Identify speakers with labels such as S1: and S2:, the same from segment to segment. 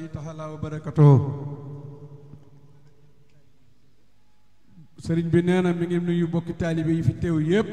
S1: rahmatullahi taala wa
S2: sëriñ bi nee na mi ngi nuyu bokki taalibe yi fi teew yépp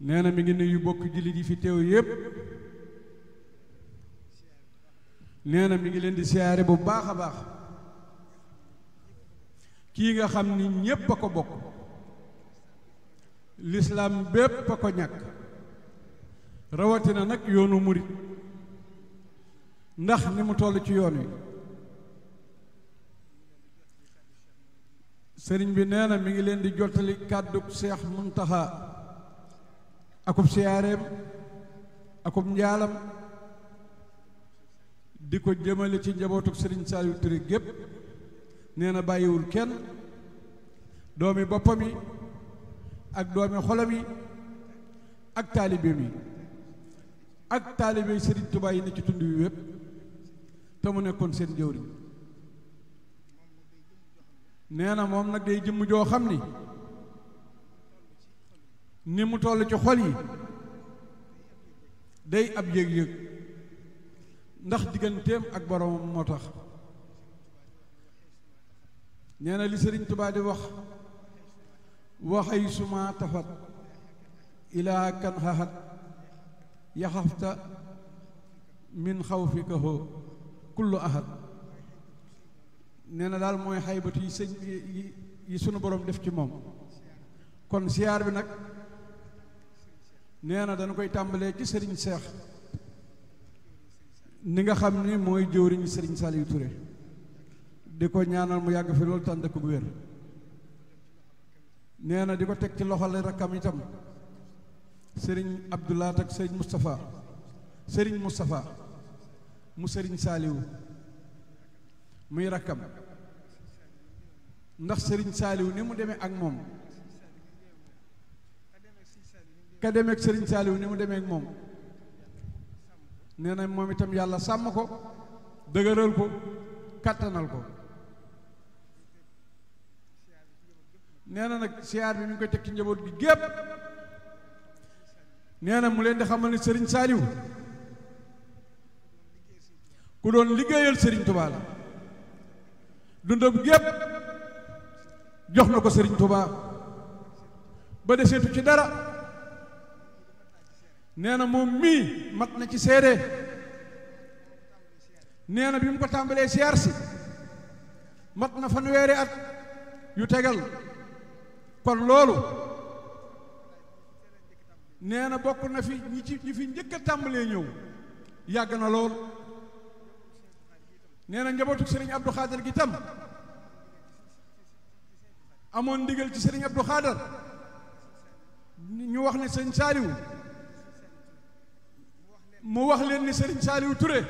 S2: nee na mi ngi nuyu bokki jullit yi fi teew yépp nee na mi ngi leen di siyaare bu baax a baax kii nga xam ni ñépp a ko bokk lislaam bépp a ko ñàkk rawatina nag yoonu murit ndax ni mu toll ci yoon wi sëriñ bi nee na mu ngi leen di jottali kàddub seex muntaxa akub siyaareem akub njaalam di ko jëmale ci njabootug sëriñ Saliou turi gépp nee na bàyyiwul kenn doomi boppam yi ak doomi xolam yi ak taalibeem yi ak taalibe sëriñ Tuubaa yi ne ci tund wi wépp te mu nekkoon seen jëwriñ nee na moom nag day jëmm joo xam ni ni mu toll ci xol yi day ab yëg-yëg ndax digganteem ak boroomam moo tax nee na li sëriñ Tubaa di wax waxay suma tafat ilaa kan xaxat yaxafta min xawfika hoo kullu ahad nee na daal mooy xaybatu yi sëñ yi sunu borom def ci moom kon siyaar bi nag nee na dana koy tàmbalee ci sëriñ seex ni nga xam ni mooy jëwriñu sëriñ Saliou Touré di ko ñaanal mu yàgg fi loolu tànd ko wér nee na di ko teg ci loxol rakkam itam sëriñ Abdoulaat ak sëriñ Moustapha sëriñ Moustapha mu sëriñ saaliwu muy rakkam ndax sëriñ saaliwu ni mu demee ak moom ka demee ak sëriñ saaliwu ni mu demee ak moom nee na moom itam yàlla sàmm ko dëgëral ko kàttanal ko nee na nag siyaar bi mi ngi koy teg ci njaboot gi gépp nee na mu leen di xamal ne sëriñ saaliwu ku doon liggéeyal Serigne Touba la dundam gépp jox na ko sëriñ Touba ba deseetu ci dara nee na moom mii mat na ci seede nee na bi mu ko tàmbalee siyaar si mat na fanweeri at yu tegal kon loolu nee na bokk na fi ñi ci ñi fi njëkk tàmbalee ñëw yàgg na lool. nee na njabootu sëriñ Abdou Khader gi tam amoon ndigal ci sëriñ Abdou Khader ñu wax ne sëriñ Saaliw mu wax leen ni sëriñ Saaliw Ture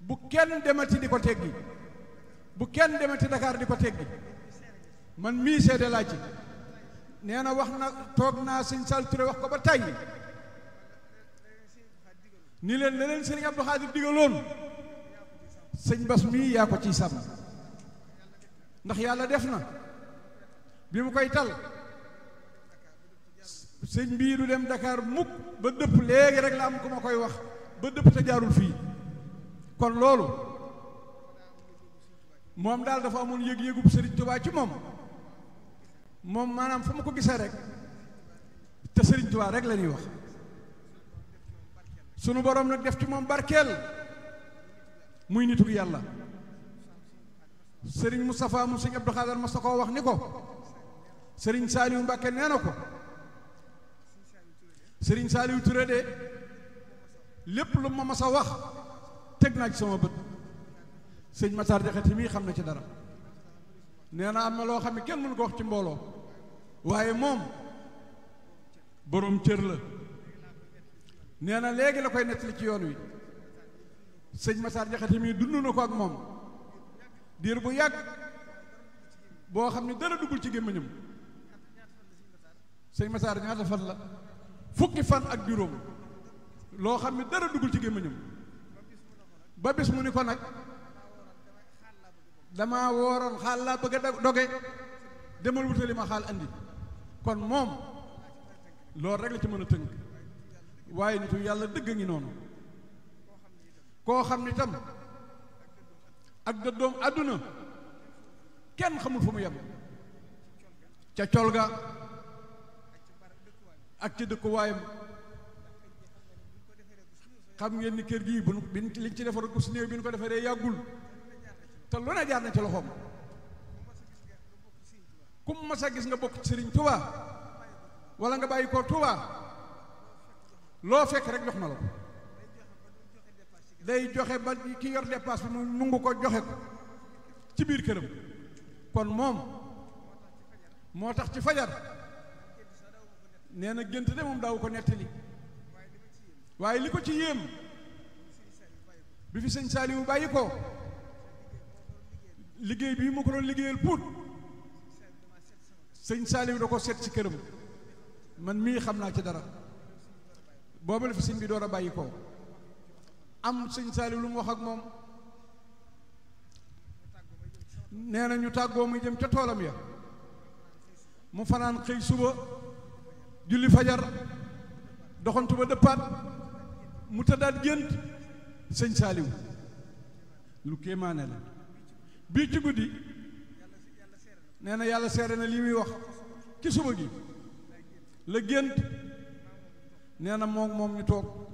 S2: bu kenn demati di ko teggi bu kenn demati dakaar di ko teggi man mii seede laa ci nee na wax na toog naa sëñ Saaliw Ture wax ko ba tàyyi ni leen leneen sëriñ Abdou Khader digaloon sëñ bas mii yaa ko ciy sàmm ndax yàlla def na bi mu koy tal sëñ bii du dem Dakar mukk ba dëpp léegi rek la am ku ma koy wax ba dëpp te jaarul fii kon loolu moom daal dafa amoon yëg-yëgub sëriñ Tubaa ci moom moom maanaam fu ma ko gisee rek te sëriñ Tubaa rek lañuy wax sunu borom nag def ci moom barkeel muy nitu yàlla sëriñ Moustapha mu sëriñ Abdou Khadar mas na koo wax ni ko sëriñ Saliou Mbacke nee na ko sëriñ Saliou Touré de lépp lu ma mas a wax teg naa ci sama bët sëñ Matar Jaxate mii xam na ci dara nee na am na loo xam ne kenn mënu ko wax ci mbooloo waaye moom boroom cër la nee na léegi la koy nettali ci yoon wi sëñ Massar Jaxate mi dund na ko ak moom diir bu yàgg boo xam ne dara duggul ci gémmiñam sëñ Massar ñaata fan la fukki fan ak juróom loo xam ni dara duggul ci gémmiñam ba bis mu ni ko nag dama wooroon xaal laa bëgg a doge demal wutali ma xaal andi kon moom loolu rek la ci mën a tënk waaye nitu yàlla dëgg ngi noonu koo xam ni tam ak dëddoom àdduna kenn xamul fu mu yem ca col ga ak ci dëkkuwaayam xam ngeen ni kër gii bu bi liñ ci defar gus néew bi nu ko defaree yàggul te lu ne jaar na ci loxoom ku mu mas gis nga bokk Sëriñ Tuubaa walla nga bàyyi koo Tuubaa loo fekk rek jox na la day joxe ba ki yor dépasse mu nungu ko joxe ko ci bir kërëm kon mom motax ci fajar neena gént de mom daw ko nettali waye li ko ci yem bi fi seigne Saliou bayiko liggey bi mu ko don liggeyal put seigne Saliou dako set ci kërëm man mi xamna ci dara boobu fi seigne bi door a bàyyi am sëñ sali lu mu wax ak mom neena ñu taggo muy jëm ci tolam ya mu fanan xey suba julli fajar doxantu ba dëppaat mu tëddaat gënt sëñ sali lu kéemaane la bi ci guddi neena yalla séré na lii muy wax ci suba gi la gënt neena ñu tok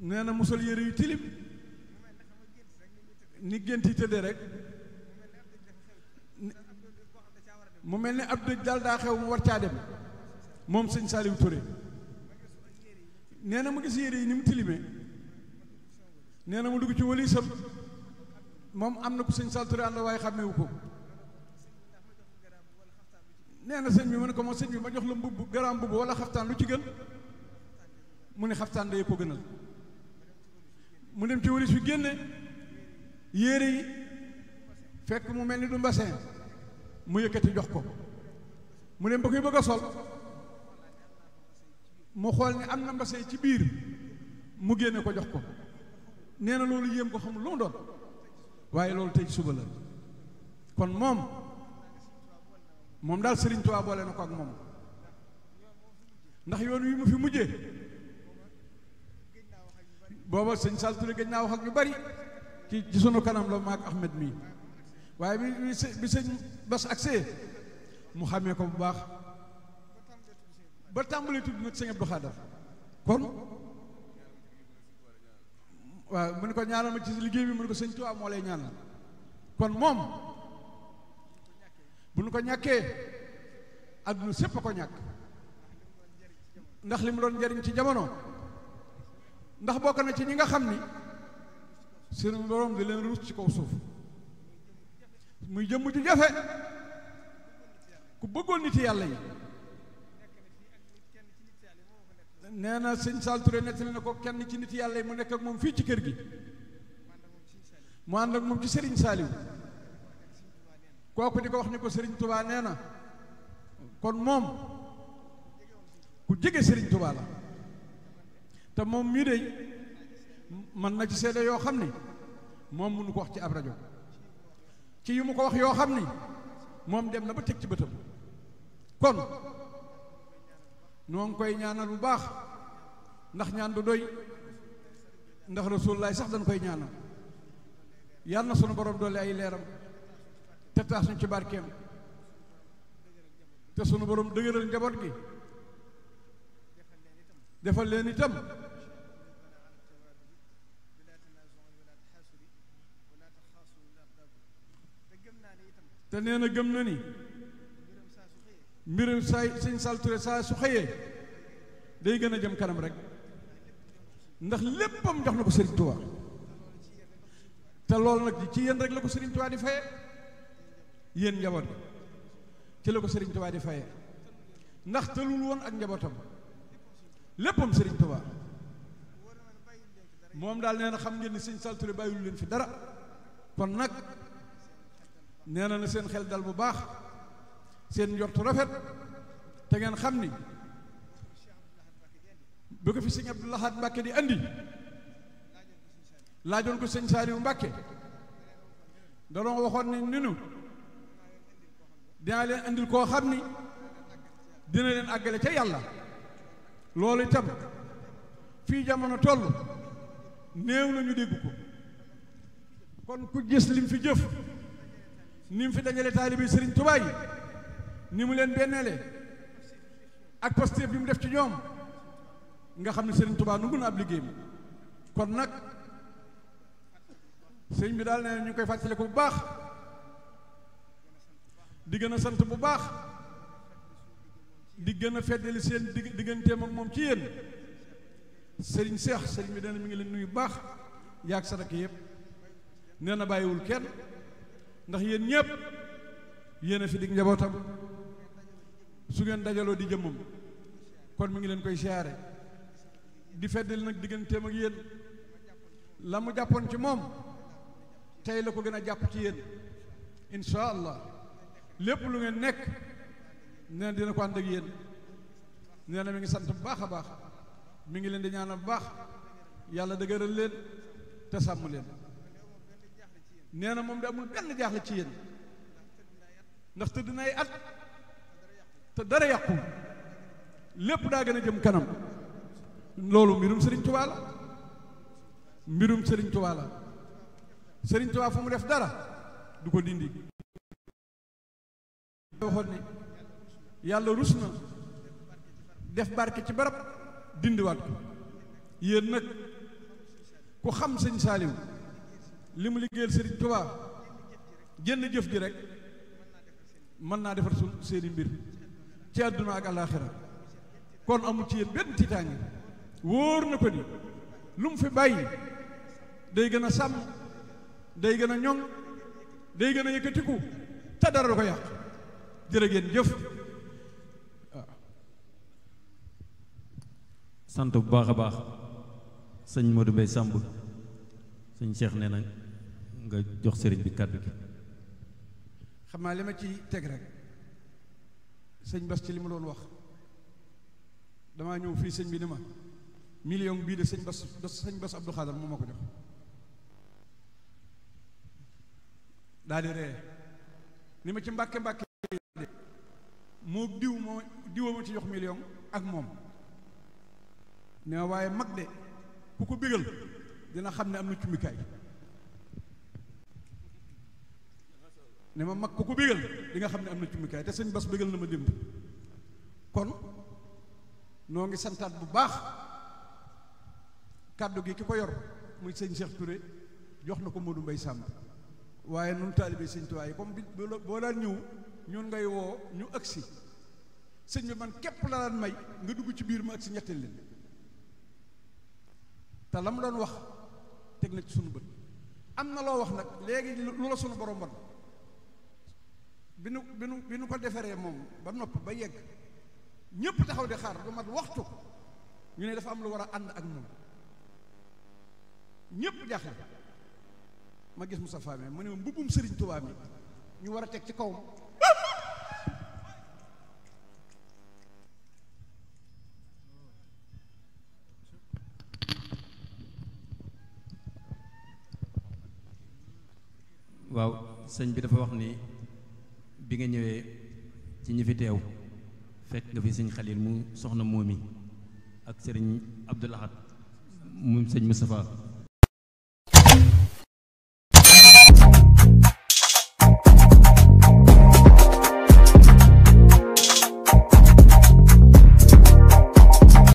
S2: nee na sol yére yu tilim ni gént yi tëdde rek mu mel ni ab dëj daal daa xew mu war caa dem moom sëñ Saliou Touré nee na mu gis yére yi ni mu tilimee nee na mu dugg ci wëli sëb moom am na ku sëñ Saliou Touré ànd waaye xàmmewu ko nee na sëñ bi mu ne ko moom sëñ bi ma jox la mbubb garaam mbubb wala xaftaan lu ci gën mu ne xaftaan day ko gënal mu dem ci walis fi génne yére yi fekk mu mel ni du mbasin mu yëkkati jox ko mu dem ba koy bëgg a sol mu xool ni am na mbasin ci biir mu génne ko jox ko nee na loolu yéem ko xamul lu mu doon waaye loolu tey suba la kon moom moom daal Sëriñ Tuubaa boole na ko ak moom ndax yoon wi mu fi mujjee booba sëñ Sall Touré gëj naa wax ak ñu bari ki ci sunu kanam la maak Ahmed mii waaye bi bi sëñ Bass agsee mu xamee ko bu baax ba tàmbali tudd nag sëñ Abdou Khadar kon mu ne ko ñaanal ci liggéey bi mu ko sëñ Tuubaa moo lay kon moom bu nu ko ñàkkee àdduna sépp a ko ñàkk ndax li mu doon njariñ ci jamono ndax bokk na ci ñi nga xam ni seen borom di leen ruus ci kaw suuf muy jëmm ju jafe ku bëggoon nit yàlla yi nee na sëñ Sall Touré nettali na ko kenn ci nit yàlla yi mu nekk ak moom fii ci kër gi mu ànd ak moom ci Serigne Saliou kooku di ko wax ni ko sëriñ tubaa nee na kon moom ku jege Serigne Touba la. te moom mii dey man na ci seede yoo xam ni moom mënu ko wax ci ab rajo ci yu mu ko wax yoo xam ni moom dem na ba teg ci bëtam kon noo ngi koy ñaanal bu baax ndax ñaan du doy ndax rasulullaay sax dañ koy ñaanal yàlla na sunu borom doole ay leeram te taas ñu ci barkeem te sunu borom dëgëral njaboot gi defal len itam te neena gëm na ni mbirum saa sal touré sa su xeye day gëna jëm kanam rek ndax léppam jox na ko Serigne Touba te loolu nak ci yéen rek la ko Serigne Touba di faye yéen njabot ci la ko Serigne Touba di faye ndax tëlul won ak njabotam léppam sëriñ Tuubaa moom daal nee na xam ngeen ni sëñ salture bàyyilu leen fi dara kon nag nee na na seen xel dal bu baax seen njortu rafet te ngeen xam ni bu ko fi sëñ Abdou Lahad Mbàkke di andi laajoon ko sëñ Saaliwu Mbàkke daloo waxoon ni ninu dinaa leen andil koo xam ni dina leen àggale ca yàlla lool itam fii jamono toll néew nañu dégg ko kon ku gis lim fi jëf ni mu fi dajale taalibe sëriñ tubaay yi ni mu leen benneele ak posté bi mu def ci ñoom nga xam ne sëriñ Tuubaa nu gën a ab liggéey mi kon nag sëñ bi daal ne ñu koy fàttaliku bu baax di gën a sant bu baax gën a feddali seen digg digganteem ak moom ci yéen sëriñ seex sëriñ bi nee na mi ngi leen nuyu baax yaag sa rakk yëpp nee na bàyyiwul kenn ndax yéen ñëpp yéen a fi dig njabootam su ngeen dajaloo di jëmmam kon mu ngi leen koy siyaare di feddali nag digganteem ak yéen la mu jàppoon ci moom tey la ko gën a jàpp ci yéen incha allah lépp lu ngeen nekk nee dina ko ànd ak yéen nee na mi ngi sant bu baax a baax mi ngi leen di ñaana bu baax yàlla dëgëral leen te sàmm leen nee na moom de amul benn jaaxle ci yéen ndax tëdd na at te dara yàqul lépp daa gën a jëm kanam loolu mbirum Serigne Touba mbirum Serigne Touba la Serigne Touba fu mu def dara du ko dindi yàlla rus na def barke ci barab dindiwaat ko yéen nag ku xam sëñ Saaliw li mu liggéeyal Sëriñ Tuubaa jënd jëf ji rek mën naa defar su seeni mbir ci àdduna ak àllaaxira kon amu ci yéen benn tiitaange wóor na ko ni lu mu fi bàyyi day gën a sàmm day gën a ñoŋ day gën a yëkkatiku te dara du ko yàq jërë ngeen jëf sant bu baax a baax sëñ Modou Mbaye Samb sëñ Cheikh nee na nga jox sëriñ bi kàddu gi xam naa li ma ci teg rek sëñ Bas ci li ma doon wax damaa ñëw fii sëñ bi ni ma million bii de sëñ Bas sëñ Bas Abdou Khadre moo ma ko jox daal di ree ni ma ci mbàkke mbàkke moo diw moo diwoo ma ci jox million ak moom ne waaye mag de ku ko bégal dina xam ne am na cummikaay ne ma mag ku ko bégal di nga xam ne am na te sëñ bas bégal na ma kon noo ngi santaat bu baax kàddu gi ki ko yor muy sëñ Cheikh Touré jox na ko Modou Mbaye Samb waaye nun taalibe sëñ Tuubaa yi comme bi boo daan ñëw ñun ngay woo ñu agsi sëñ bi man képp la daan may nga dugg ci biir ma agsi ñetteel leen te la mu doon wax teg na ci suñu bët am na loo wax nag léegi lu la suñu borom man bi nu ko defaree moom ba nopp ba yegg ñépp taxaw di xaar du mat waxtu ñu ne dafa am lu war a ànd ak moom ñépp jaaxle ma gis mu Moustapha mi mu ne mbubbum Sëriñ tubaab yi ñu war a teg ci kawam waaw sëñ bi dafa wax ni bi nga ñëwee ci ñu fi teew fekk nga fi sëñ Xalil mu soxna Momi ak sëriñ Abdoul Ahad mu sëñ Moustapha